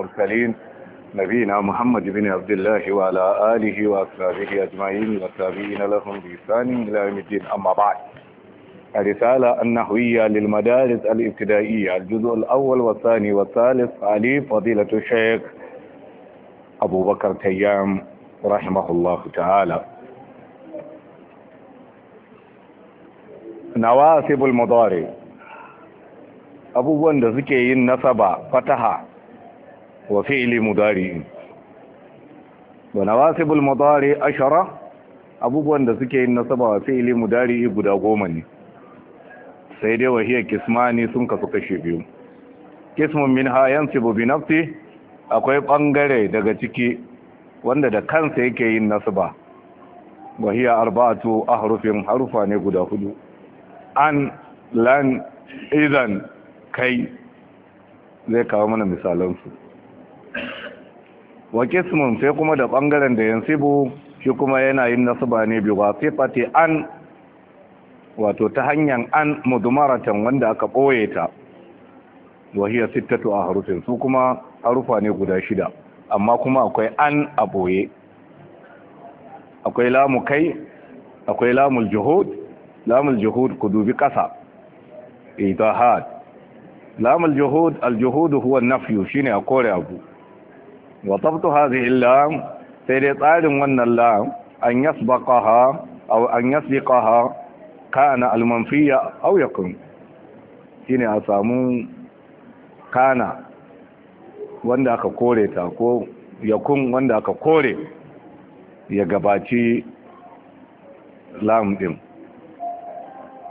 المرسلين نبينا محمد بن عبد الله وعلى آله وأصحابه أجمعين والتابعين لهم بإحسان إلى يوم الدين أما بعد الرسالة النحوية للمدارس الابتدائية الجزء الأول والثاني والثالث علي فضيلة الشيخ أبو بكر تيام رحمه الله تعالى نواسب المضارع أبو da suke yin nasaba وفعل مضارع ونواسب المضارع ashara. abubuwan da suke yin nasaba wa fi'ili mudari guda goma ne sai dai wahiyar kismani sun kasu kashe biyu kismun min hayan sibu bi nafsi akwai bangare daga ciki wanda da kansa yake yin nasaba wahiyar arba'atu ahrufin harufa ne guda hudu an lan idan kai zai kawo mana misalansu wa kismun sai kuma da ɓangaren da yansibu shi kuma yana yin ba ne bi wasifati an wato ta hanyar an mudumaratan wanda aka ɓoye ta wahiyar sittatu a harufin su kuma harufa ne guda shida amma kuma akwai an a ɓoye akwai lamu kai akwai lamul juhud lamul juhud ku dubi ƙasa idahad lamul juhud aljuhud huwa nafyu shine a kore abu wa tabtu hadhihi lam sai dai tsarin wannan lam an yasbaqaha aw an yasbiqaha kana al-manfiya aw yakun shine a samu kana wanda aka kore ta ko yakun wanda aka kore ya gabaci lam din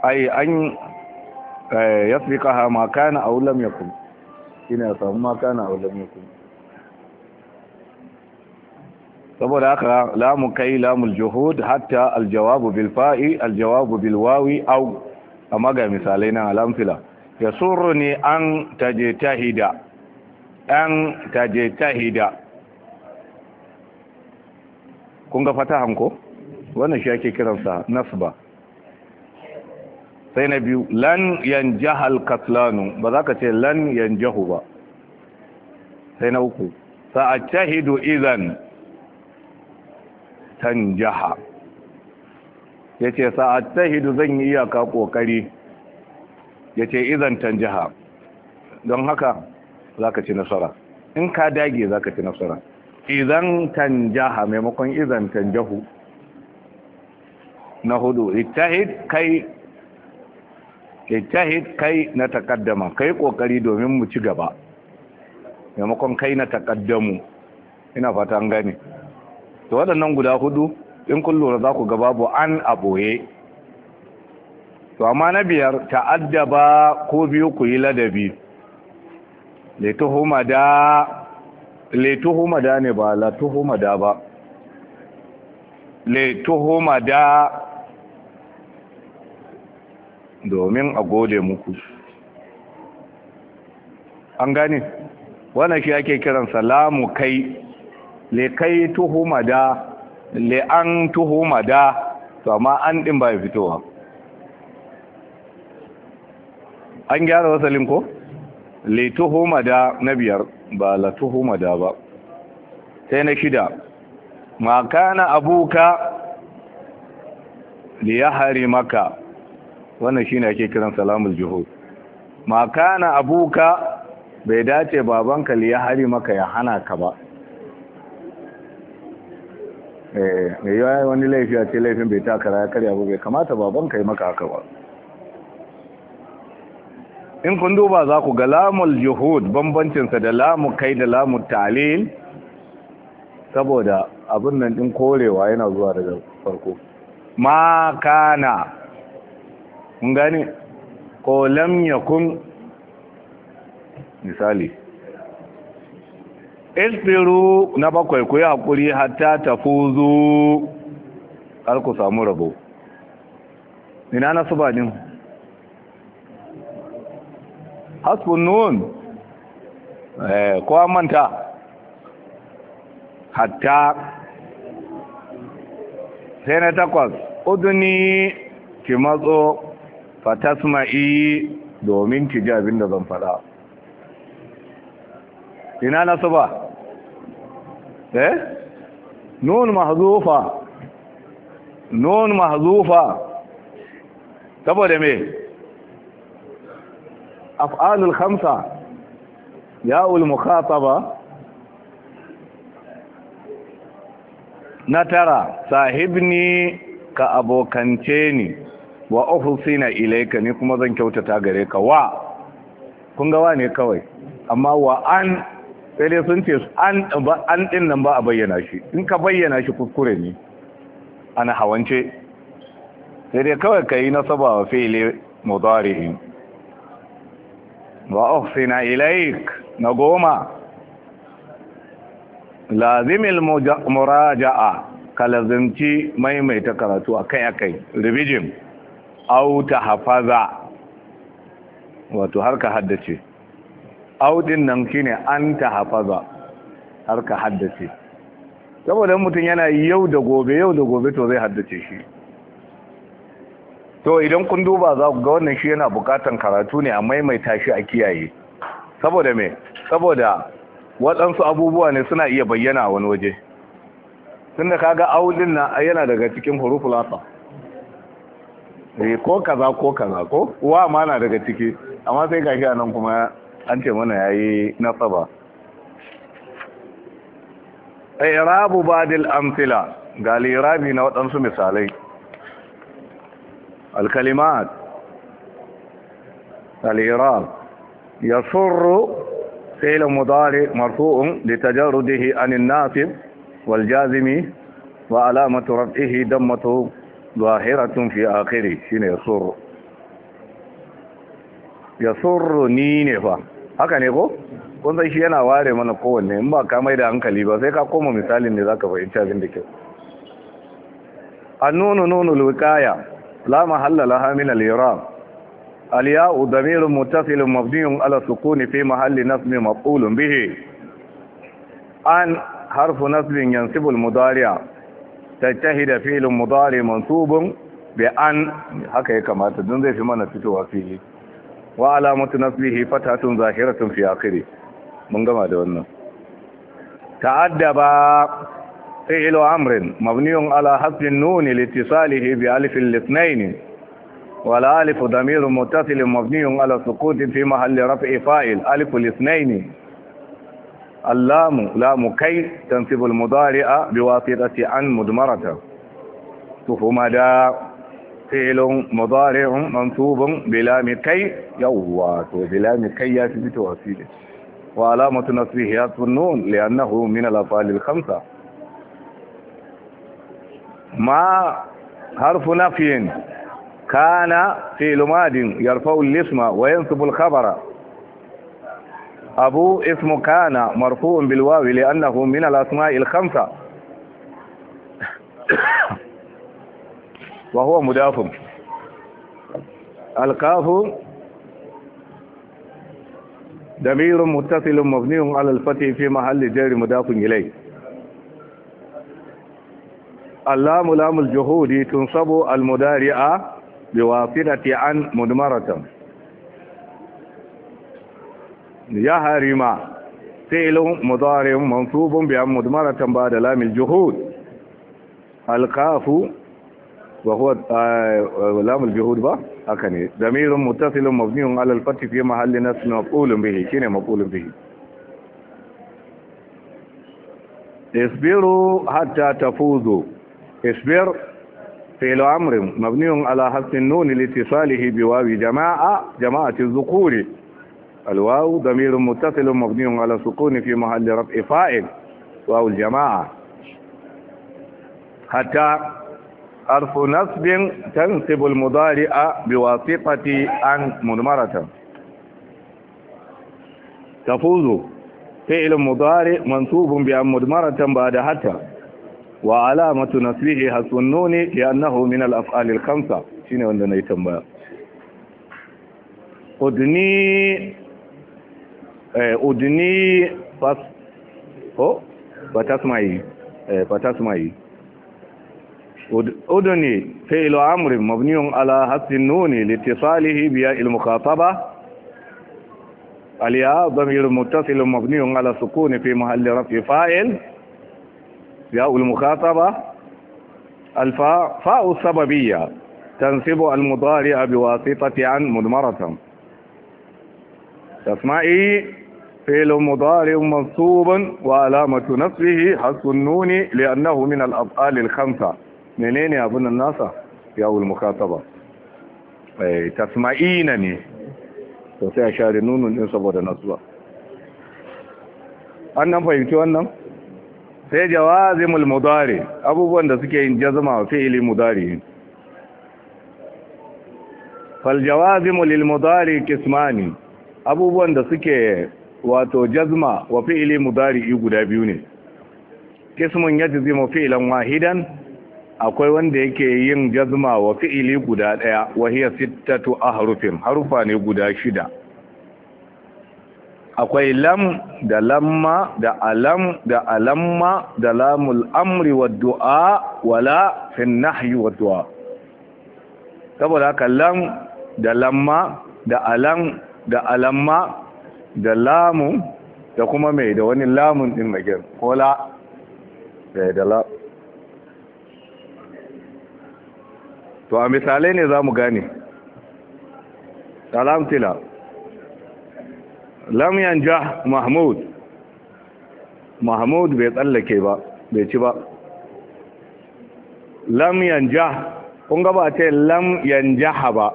ai an yasbiqaha ma kana aw lam yakun shine a samu ma kana aw lam yakun saboda haka lamu kai lamul juhud hatta aljawabu bil fa'i aljawabu bil wawi aw amma ga misalai nan alamfila yasurruni an tajetahida an tajetahida kun ga fata hanko? wannan shi ake kiransa nasba sai na biyu lan yanjahal katlanu ba za ka ce lan yanjahu ba sai na uku sa'ajahidu idan tanjaha yace sa'attahidu zan yi iyaka kokari yace idan tanjaha don haka zaka ci nasara in ka dage zaka ci nasara idan tanjaha maimakon idan tanjahu na hudu ittahid kai ittahid kai na takaddama kai kokari domin mu ci gaba maimakon kai na takaddamu ina fata an gane to waɗannan guda hudu in kun lura za ku ga babu an a ɓoye to amma na biyar ta'addaba ko biyu ku yi ladabi letuhuma da ne ba latuhuma da ba letuhuma da domin a gode muku an gane wannan shi ake kiran salamu kai Le kai tuhuma da an tuhuma da to amma an ɗin ba fitowa an gyara wasalin ko? Le tuhuma da na biyar ba la tuhuma da ba sai na shida ma kana abuka li yahari maka wannan shine ake kiran salamul juhud ma kana abuka bai dace babanka li yahari maka ya hana ka ba Eh, mai yi wani laifi a ce laifin bai takara ya karya ba bai kamata baban ka yi maka haka ba in kun duba za ku ga lamul juhud bambancinsa da lamu kai da lamu talil saboda abin nan din korewa yana zuwa daga farko ma kana mun gane ko lam yakun misali isbiru na bakwai ku yi haƙuri hatta fuzu har ku samu rabo ina na ba din hasbun nun eh manta hatta sai na takwas uduni ki matso fatasma'i domin ki ji abin da zan faɗa ina na ba? eh nun mahzufa nun mahzufa saboda me af'alul khamsa ya'ul mukhataba na tara sahibni ka abokance ni wa ofisina ilaika ni kuma zan kyautata gare ka wa kun ga wa ne kawai amma wa an sai dai sun ce an ɗin nan ba a bayyana shi in ka bayyana shi kuskure ne ana hawance sai dai kawai ka yi nasaba wa fili mudari'in wa ofsina ilaik na goma lazimil muraja'a ka lazimci maimaita karatu akai-akai ribijin au ta hafaza wato har ka haddace audin nan shine an ta har ka haddace saboda mutum yana yau da gobe yau da gobe to zai haddace shi to idan kun duba za ku ga wannan shi yana bukatan karatu ne a maimaita shi a kiyaye saboda me saboda waɗansu abubuwa ne suna iya bayyana wani waje tunda kaga audin na yana daga cikin huruful asa eh, ko kaza ko kaza ko wa ma na daga ciki amma sai gashi anan kuma an ce mana yayi nasaba irabu badil amthila ga lirabi na waɗansu misalai alkalimat alirab yasurru فعل مضارع مرفوع لتجرده عن الناصب والجازم وعلامة رفعه دمته ظاهرة في آخره شنو يسر يسر نينفا haka ne ko kun san shi yana ware mana kowanne in ba ka da hankali ba sai ka koma misalin ne zaka fahimci abin da A annunu nunul Lukaya, la mahalla laha min al-i'rab al-ya'u damirun muttasilun mabniun ala sukuni fi mahalli nasmi maf'ulun bihi an harfu nasbin yansibu al-mudari'a filin fi'lun mudari mansubun bi an haka ya kamata don zai fi mana fitowa fili wa alamatu nasbihi fatatun zahiratun fi akhiri mun gama da wannan ta'addaba fi'l amrin mabniun ala hasbin nuni litisalihi bi alif al-ithnayn wal alif damir muttasil mabniun ala sukuti fi mahalli raf'i fa'il alif al-ithnayn اللام kai كي تنصب bi بواسطة an mudmarata tuhuma da. فعل مضارع منصوب بلام كي يوا بلا بلام كي يا وعلامة نصبه حذف النون لأنه من الأفعال الخمسة ما حرف نفي كان فعل ماد يرفع الاسم وينصب الخبر أبو اسم كان مرفوع بالواو لأنه من الأسماء الخمسة وهو مضاف الكاف ضمير متصل مبني على الفتح في محل جر مضاف إليه اللام لام الجهود تنصب المدارعة بواسطة عن مدمرة يا هريما فعل مضارع منصوب بأن مدمرة بعد لام الجهود الكاف وهو آه، لام الجهود بقى أكني ضمير متصل مبني على الفتح في محل نصب مقول به شنو مقول به اصبروا حتى تفوزوا اصبر في الامر مبني على حذف النون لاتصاله بواو جماعه جماعه الذكور الواو ضمير متصل مبني على سكون في محل رفع فاعل واو الجماعه حتى arfu nasbin tansibul mudari'a biwasitati an mudmaratan tafuzu fi'l mudari mansubun bi an mudmaratan ba'da hatta wa alamatu nasbihi hasunnuni li'annahu min al-af'al al-khamsa shine wanda nayi tambaya udni udni fas ko fatasmai fatasmai أدني فعل أمر مبني على حس النون لاتصاله بياء المخاطبة الياء ضمير متصل مبني على سكون في محل رفع فاعل ياء المخاطبة الفاء فاء السببية تنصب المضارع بواسطة عن مضمرة تسمعي فعل مضارع منصوب وعلامة نصبه حذف النون لأنه من الأبطال الخمسة menene abin nan nasa yawul mukataba eh tasma'ina ne to sai a share nunun din saboda nasuwa annan fahimci wannan sai jawazimul mudari abubuwan da suke yin jazma wa fi'ili mudari fal jawazimul lil mudari kismani abubuwan da suke wato jazma wa fi'ili mudari guda biyu ne kismun yajzimu fi'lan wahidan akwai wanda yake yin jazma wa fi'ili guda ɗaya wahiya sittatu ahrufin harufa ne guda shida akwai lam da lamma da alam da alamma da lamul amri wa du'a wala fin nahyi wa du'a saboda haka lam da lamma da alam da alamma da lamu da kuma mai da wani lamun din magin ko la eh, da la to a misalai ne za mu gane alamtila Lamyan ja mahmud mahmud bai tsallake ba bai ci ba Lamyan ja kun gaba a ce lamyan jaha ba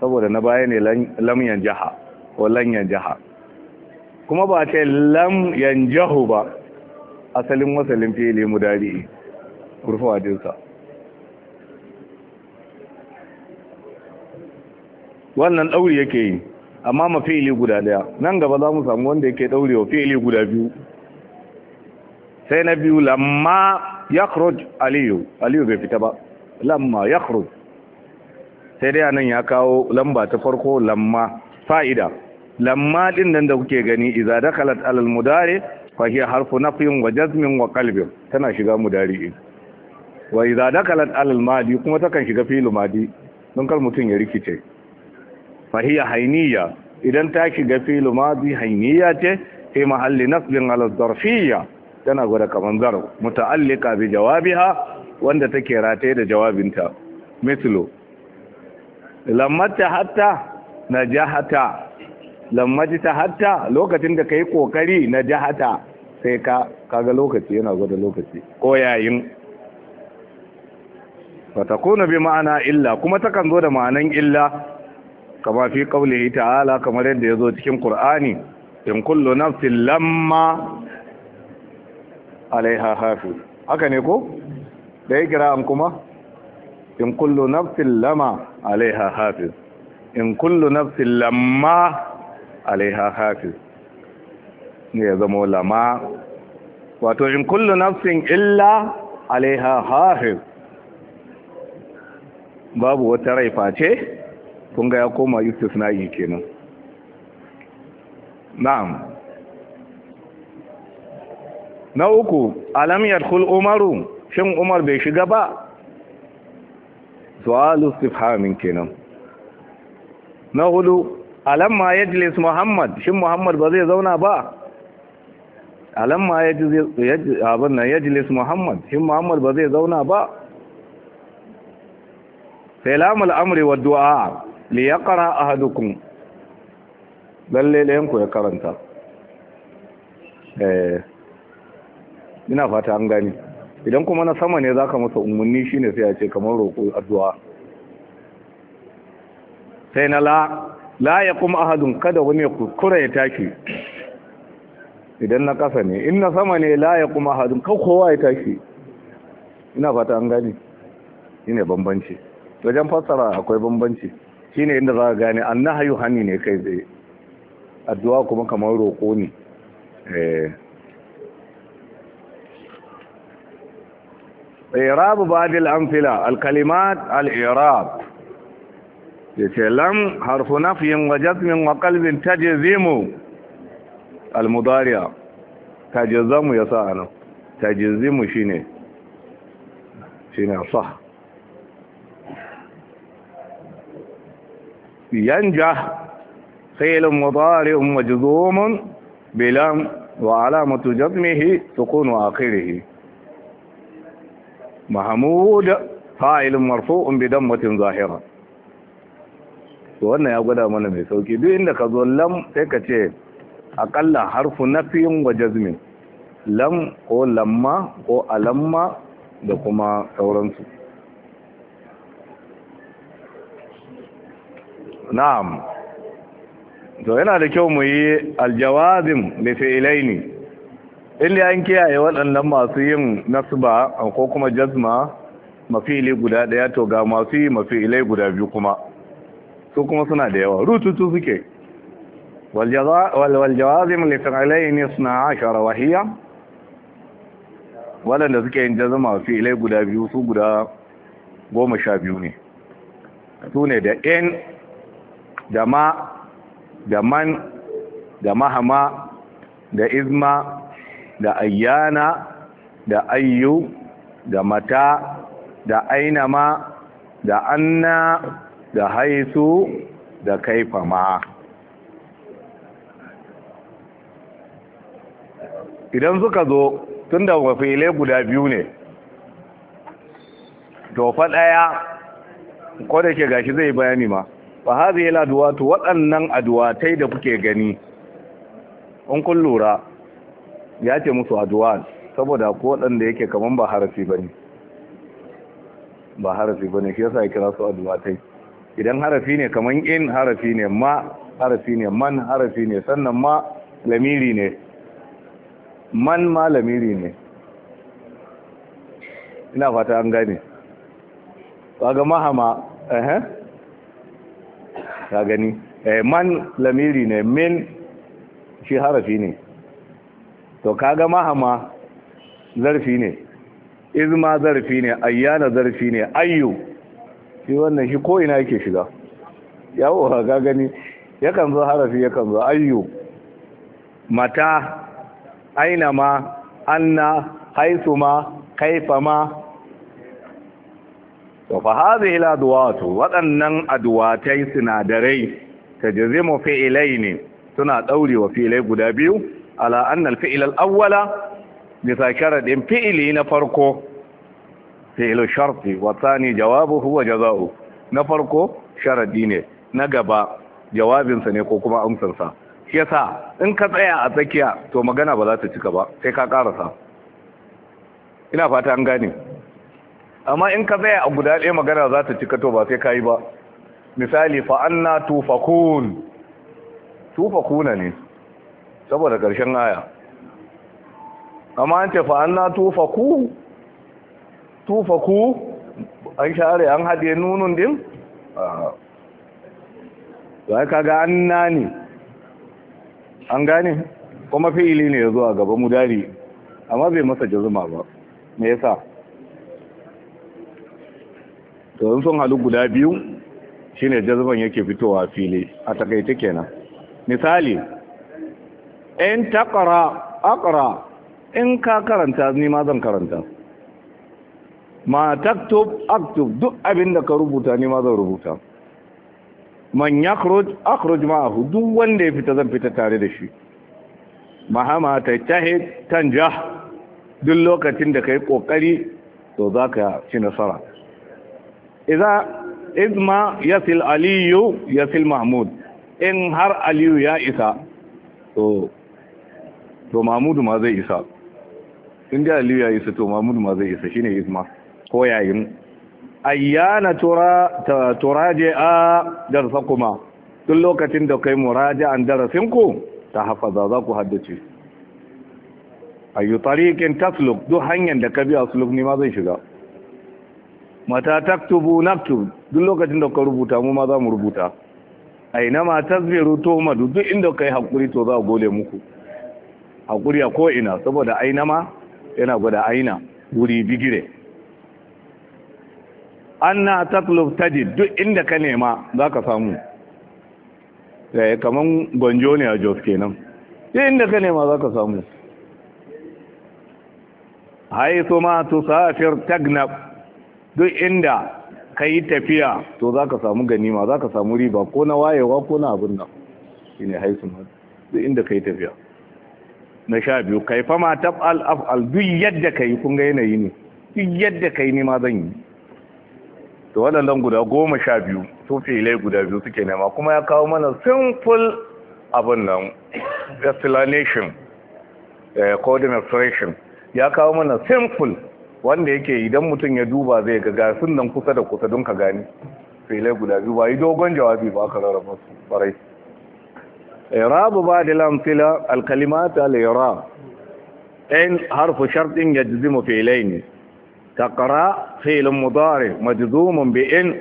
saboda na baya ne lamyan jaha ko lanyan jaha, kuma ba a ce lamyan jahu ba asalin wasalin fili dari rufawa dinsa wannan ɗauri yake yi amma ma fi'ili guda ɗaya nan gaba za mu samu wanda yake wa fi'ili guda biyu sai na biyu lamma ya aliyu aliyu bai fita ba lamma ya sai dai nan ya kawo lamba ta farko lamma fa'ida lamma ɗin nan da kuke gani iza da kalat alal mudare fahiyar harfu nafin wa jazmin wa kalbin tana shiga mudari wa iza da kalat alal madi kuma takan shiga filu madi don kar mutum ya rikice fahiya hainiya idan ta shiga filu mazi hainiya ce fi mahalli nasbin al zarfiyya tana gwada kaman zar muta'allika bi jawabiha wanda take rataye da jawabinta mislu lammata hatta najahata lammata hatta lokacin da kai kokari najahata sai ka kaga lokaci yana gwada lokaci ko yayin fatakuna bi ma'ana illa kuma takan zo da ma'anan illa kama fi ita ala kamar yadda ya zo cikin ƙur'ani in kullu nafsin lamma alaiha hafi haka ne ko da ya kira an kuma in kullu nafsin lama alaiha hafi in kullu nafsin lamma alaiha hafi ne ya zama lama wato in kullu nafsin illa alaiha hafi babu wata rai face kun ga ya koma istisna'i kenan na'am na uku alam yadkhul umaru shin umar bai shiga ba su'alu istifhamin kenan na hudu alamma yajlis muhammad shin muhammad ba zai zauna ba alam ma abin nan yajlis muhammad shin muhammad ba zai zauna ba sai lamul amri wa du'a Liyakara ya ƙara a hadukun lalle ɗayanku ya karanta eh, ina fata an gani idan kuma na sama ne za ka masa umarni shi ne sai ya ce kamar roƙo addu'a sai na la la ya kuma ahadun kada wani ya kuskura ya tashi idan na ƙasa ne in na sama ne la ya kuma ahadun kawai kowa ya tashi ina fata an gani shine bambanci wajen fassara akwai bambanci shi ne inda za a gani, an na hayu hannu ne kai zai addu'a kuma kamar roƙo ne eh. irab badil amfila alkalimat al'irab ya ce lam harfu na nafiyin wa jasmin wa kalbin ta jizimu Al-Mudariya, ta jizamu ya sa'anu ta jizimu shi ne shi ne a sa'a ينجح فعل مضارع مجزوم بلام وعلامة جزمه سكون آخره محمود فاعل مرفوع بدمة ظاهرة wannan ya gwada mana mai sauki duk inda ka zo lam sai ka ce akalla harfu nafiyin wa jazmin lam ko lamma ko alamma da kuma sauransu na'am to yana da kyau mu yi aljawazin da fi'ilaini inda an kiyaye waɗannan masu yin nasba ko kuma jazma mafi'ili guda ɗaya to ga masu yi ilai guda biyu kuma su kuma suna da yawa rututu suke waljawazim da fi'ilaini suna ashara wahiya waɗanda suke yin jazma ilai guda biyu su guda goma sha biyu ne su ne da n da ma da man da mahama da izma da ayyana da ayyu da mata da ainama da anna da haisu da kaifama idan suka zo tun da wafile guda biyu ne tofa ɗaya ko da ke gashi zai bayani ma wa hadhihi al duwatu waɗannan aduwatai da kuke gani in kun lura ya ce musu adwat saboda ko waɗanda yake kaman ba harafi bane ba harafi bane shi yasa ya kira su adwatai idan harafi ne kaman in harafi ne ma harafi ne man harafi ne sannan ma lamiri ne man ma lamiri ne ina fata an gane Ba ga mahama eh, eh? ka gani eh, man lamiri ne min shi harafi ne to kaga mahama zarfi ne izma zarfi ne ayyana zarfi ne ayyu shi wannan shi ko ina yake shiga yawo ka gani yakan zo harafi yakan zo ayyu mata aina ma anna haisu ma kaifa ma to fa hadhi ila waɗannan adwatai sinadarai tajzimu fi'ilaini suna daure wa fi'ilai guda biyu ala anna al-fi'l al-awwala bisa sharadin fi'li na farko fi'il sharti wa thani jawabuhu wa jazaa'u na farko sharadi ne na gaba jawabinsa ne ko kuma amsansa. shi yasa in ka tsaya a tsakiya to magana ba za ta cika ba sai ka karasa ina fata an gane amma in ka tsaya a guda ɗaya magana za ta cika to ba sai ka yi ba misali fa'anna tufakun tufakuna ne saboda ƙarshen aya amma an ce fa'anna tufaku tufaku an share an haɗe nunun din? za ka ga an ne an gane kuma fi'ili ne ya zuwa gaba mudari amma bai masa jazuma ba me yasa to in sun halu guda biyu shine jazban yake fitowa fili a takaita kenan misali in taqra aqra in ka karanta ni ma zan karanta ma taktub aktub duk abin ka rubuta ni ma zan rubuta man yakhruj akhruj ma'ahu duk wanda ya fita zan fita tare da shi mahama ta tahe tanja duk lokacin da kai kokari to zaka ci nasara Iza izma yasil aliyu yasil mahmud in har aliyu ya isa to to mahmudu ma zai isa in da aliyu ya isa to mahmudu ma zai isa shine izma ko yayin ayyana tura turaji'a darsakuma duk lokacin da kai muraja'an darasinku ta hafaza za ku haddace ayyu tariqin tasluk duk hanyar da ka bi asluk ni ma zai shiga mata taktubu naktub duk lokacin da ka rubuta mu ma za mu rubuta aina ma tazbiru to madu duk inda kai hakuri to za a gole muku hakuri a ko'ina saboda aina ma yana gwada aina wuri bigire anna tatlub taji duk inda ka nema za ka samu eh kaman gonjo ne a jos kenan duk inda ka nema za ka samu haithu ma tusafir tagnab duk inda ka yi tafiya to za ka samu ganima za ka samu riba ko na wayewa ko na abin nan shi ne haisun duk inda ka yi tafiya na sha biyu ka yi fama tab al'af'al duk yadda ka yi kun yanayi ne duk yadda ka yi nema zan yi to waɗannan guda goma sha biyu to filai guda biyu suke nema kuma ya kawo mana simple abin nan explanation eh, coordination ya kawo mana simple wanda yake idan mutum ya duba zai ga gasun nan kusa da kusa don ka gani filai guda biyu ba yi dogon jawabi ba aka rarraba su farai irabu ba da lamfila alkalimata lera ɗayan harfi shardin ya mu filai ne takara filin mudare majizumin bi'in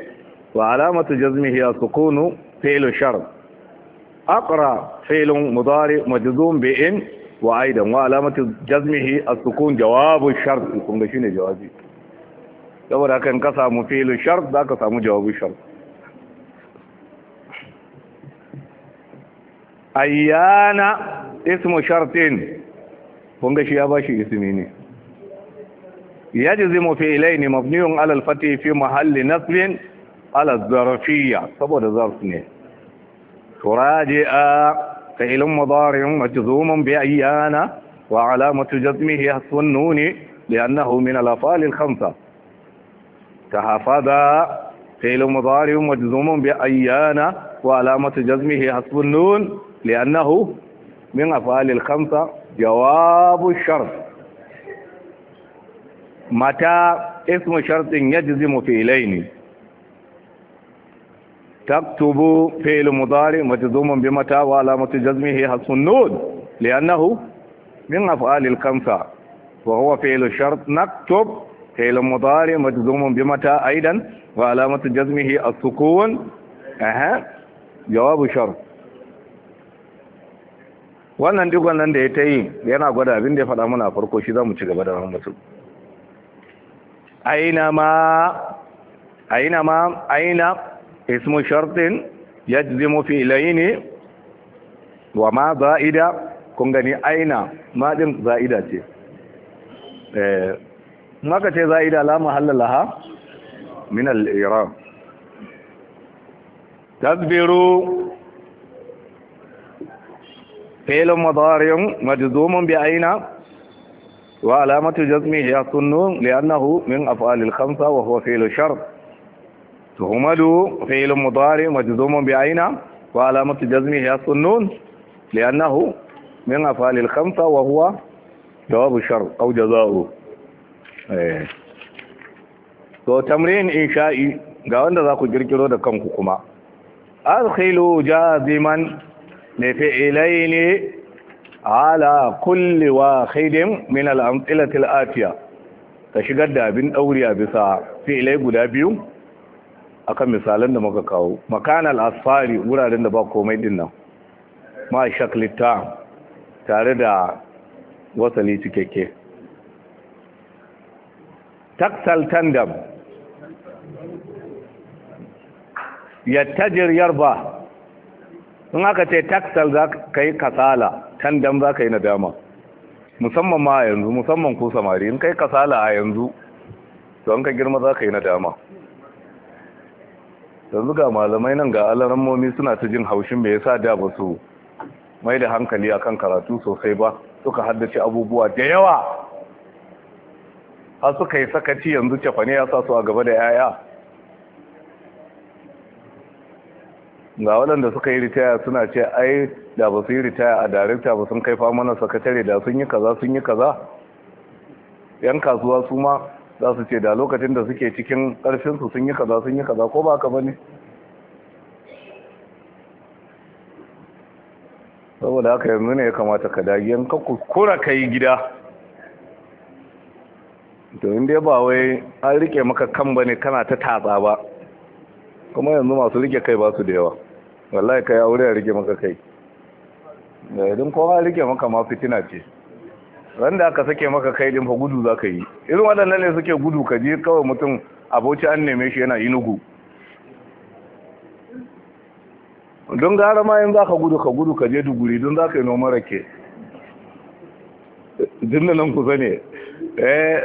wa alamatu jazmi ya sukunu filin shar akara filin mudare majizumin bi'in wa aidan wa alamatu jazmihi as-sukun jawabu shart kun ga shine jawabi saboda haka in ka samu fi'lu shart zaka samu jawabu shart ayyana ismu shartin kun ga shi ya bashi ismi ne yajzimu fi'layn mabniun ala al-fath fi mahalli nasbin ala az-zarfiyya saboda zarf ne turaji'a فعل مضارع مجزوم بأيانا وعلامة جزمه حسب النون لأنه من الأفعال الخمسة كحفظ فعل مضارع مجزوم بأيانا وعلامة جزمه حسب النون لأنه من أفعال الخمسة جواب الشرط متى اسم شرط يجزم فعلين taktubu fi'l mudari matdhum bi mata wa alamat jazmihi hasun nun li'annahu min af'alil kamsa wa huwa fi'l shart naktub fi'l mudari matdhum bi mata aidan wa alamat jazmihi as-sukun aha jawab shart wannan duk wannan da ya tayi yana gwada abinda ya faɗa mana farko shi za mu ci gaba da wani aina ma aina ismu shartin yajzimu fi'laini wa ma za'ida kun aina ma din za'ida ce eh maka ce za'ida la mahalla laha min al-i'rab wa فعل مضارع مجزوم بعين وعلامة جزمه السنون لأنه من أفعال الخمسة وهو فعل شرط تهمل فعل مضارع مجزوم بعينه وعلامة جزمه السنون لأنه من أفعال الخمسة وهو جواب الشر أو جزاؤه ايه to tamrin insha'i ga wanda za ku girkiro da kanku kuma adkhilu jaziman li fi'laini ala kulli wahidin min al-amthilati al-atiya ka shigar da abin dauriya bisa fi'lai guda biyu akan misalan da muka kawo makanal asfari wuraren da ba komai din nan ma shaklita tare da wasali cikakke taksal tandam tajir yarba in aka ce taksal za ka yi kasala tandam za ka yi nadama musamman ma yanzu musamman ku samari in kai kasala a yanzu to an ka girma za ka yi nadama yanzu ga malamai nan ga momi suna ta jin haushin mai yasa da ba su mai da hankali akan karatu sosai ba suka haddace abubuwa da yawa har suka yi sakaci yanzu cefane ya sa su a gaba da yaya ga waɗanda suka yi ritaya suna ce ai da ba su yi ritaya a darekta ba sun kai mana sakatare da sun yi kaza sun yi kaza yan kasuwa su ma za su ce da lokacin da suke cikin ƙarfinsu sun yi kaza sun yi kaza ko ba ka ba ne saboda haka yanzu ne ya kamata ka dagiyan ka kura ka yi gida to inda ba wai an rike maka kan ba ne kana ta tatsa ba kuma yanzu masu rike kai ba su da yawa wallahi ka ya wuri a rike maka kai da idan kowa rike maka ma fitina ce wanda aka sake maka kai din fa gudu za ka yi irin waɗannan ne suke gudu ka je kawai mutum aboci an neme shi yana inugu don gara ma yin za ka gudu ka gudu ka je duguri don za ka yi noman rake dinna nan kusa ne eh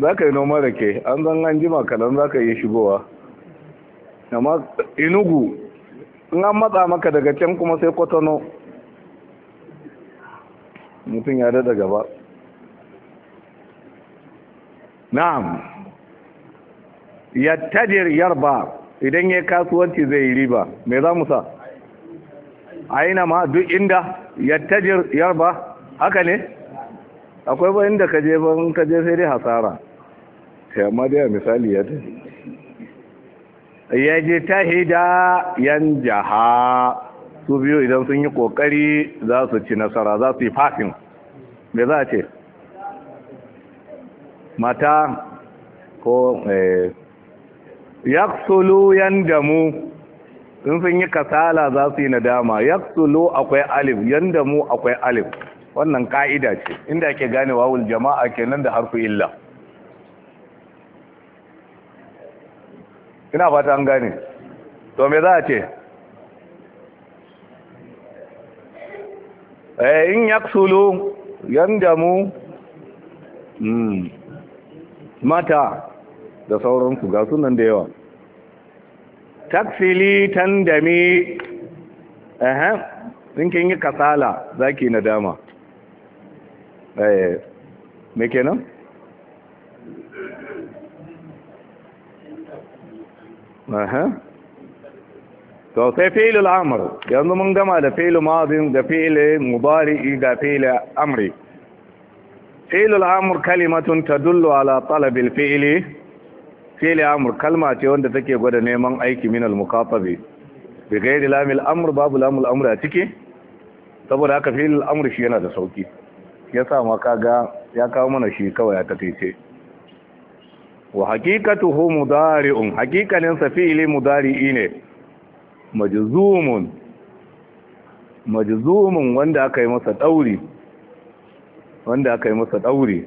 za ka yi noman rake an zan an jima kalan za ka yi shigowa amma inugu in an matsa maka daga can kuma sai kwatano mutum ya daɗa gaba na'am tajir yarba idan ya kasuwanci zai yi riba me za mu sa aina ma duk inda ya tajir yarba haka ne akwai ba inda ka je ba in ka je sai dai hasara sai amma dai a misali ya ta ya je tahida yan jaha su biyu idan sun yi kokari za su ci nasara za su yi fasin me za a ce mata ko eh, yaksulu yan damu sun yi kasala za su yi nadama yaksulu akwai alif damu akwai alif wannan ka'ida ce inda ake gane wawul jama'a kenan da harfi illa ina fata an gane to me za a ce eh, in yaksulu damu hmm. mata da sauransu ga sunan da yawa taksili tandami ehe sun kin yi kasala zaki na dama eh me kenan ehe to sai fi'il al'amr yanzu mun gama da fi'il madin da fi'il mubari da fi'il amri fi'ilul amur kalimatun tadullu ala talabil fi'ili fi'il amur kalma ce wanda take gwada neman aiki minal mukafabi bi gairi lamil amur babu lamul amur a ciki saboda haka fi'ilul amur shi yana da sauki ya sa ma kaga ya kawo mana shi kawai a takaice wa haqiqatuhu mudari'un haqiqanin sa fi'ili mudari'i ne majzumun majzumun wanda aka yi masa dauri wanda aka yi masa ɗauri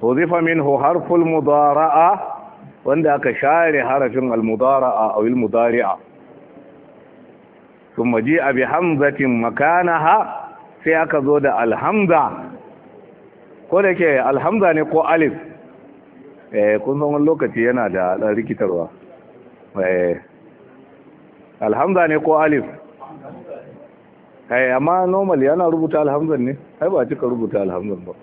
huzifa minhu harful mudara'a wanda aka share harafin al-mudara'a aw al-mudari'a thumma ji'a bi hamzatin ha, sai aka zo da Alhamza. ko da ke Alhamza ne ko alif eh kun san wani lokaci yana da rikitarwa eh, Alhamza ne ko alif ai eh, amma normal yana rubuta alhamdulillah ne ai ba cika rubuta alhamdulillah ba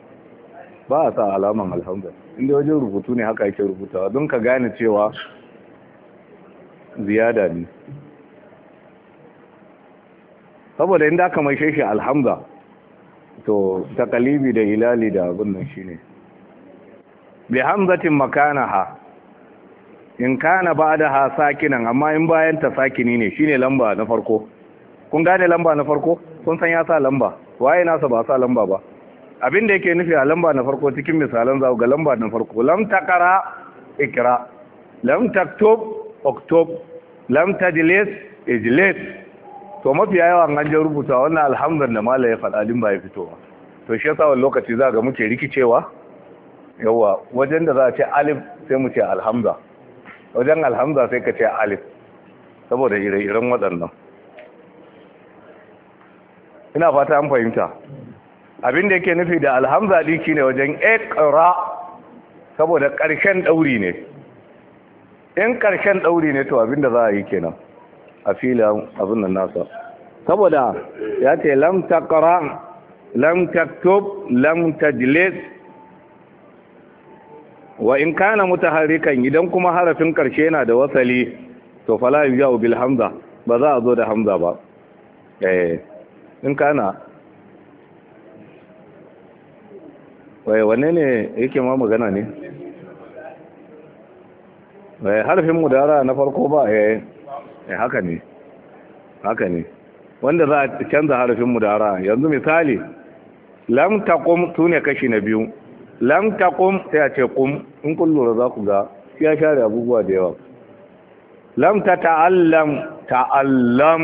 ba a sa alaman alhamdulillah inda wajen rubutu ne haka yake rubutawa don ka gane cewa ziyada ne saboda inda aka mai shi alhamza to takalibi da hilali da abin nan shi ne bi hamzatin ha? in kana ha sakinan amma in bayan ta sakini ne shine lamba na farko kun gane lamba na farko kun san ya sa lamba waye nasa ba sa lamba ba abin da yake nufi a lamba na farko cikin misalan zau ga lamba na farko lam takara ikra lam taktub oktob lam tajlis ijlis to mafi yawa an je rubuta wannan alhamdulillah mala ya faɗa din ba ya fito ba to shi yasa wani lokaci za ga muke rikicewa yawa wajen da za a ce alif sai mu ce alhamza wajen alhamza sai ka ce alif saboda ire-iren waɗannan ina fata an fahimta abin da yake nufi da alhamza diki ne wajen ekara saboda ƙarshen ɗauri ne in ƙarshen ɗauri ne to abin da za a yi kenan a filan abin nan nasa saboda ya ce lamta taqra lamta taktub lamta tajlis wa in kana mutaharrikan idan kuma harafin karshe yana da wasali to fala yi bil hamza ba za a zo da hamza ba eh in kana waye wanne ne yake ma magana ne waye harfin mudara na farko ba eh, eh haka ne haka ne wanda za a canza harfin mudara yanzu misali lam taqum tune kashi na biyu lam taqum sai a ce qum in kullura za ku ga ya share abubuwa da yawa lam ta'allam ta'allam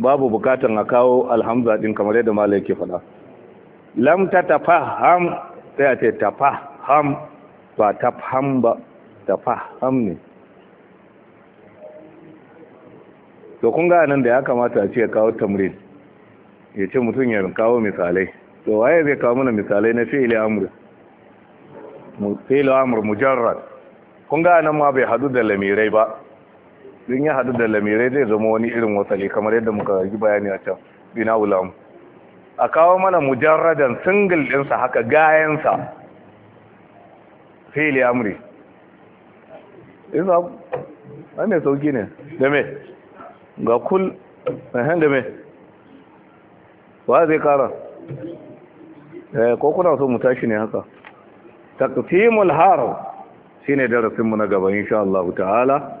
babu bukatan a kawo alhamza din kamar yadda malai ke faɗa lam ta tafaham sai a ce tafaham ba ham ba ham ne to kun ga nan da ya kamata a ce ya kawo tamrin ya ce mutum ya kawo misalai to waye zai kawo mana misalai na fi'il amr fi'il amur mujarrar. kun ga nan ma bai hadu da lamirai ba don ya hadu da lamirai zai zama wani irin wasali kamar yadda muka yi bayani a can bina ulamu a kawo mana mujarradan singil ɗinsa haka gayansa fili amri isa mai sauki ne da me ga kul mahan eh, da me ba zai kara eh, ko kuna so mu tashi ne haka taqsimul har shine darasinmu na gaba insha Allah ta'ala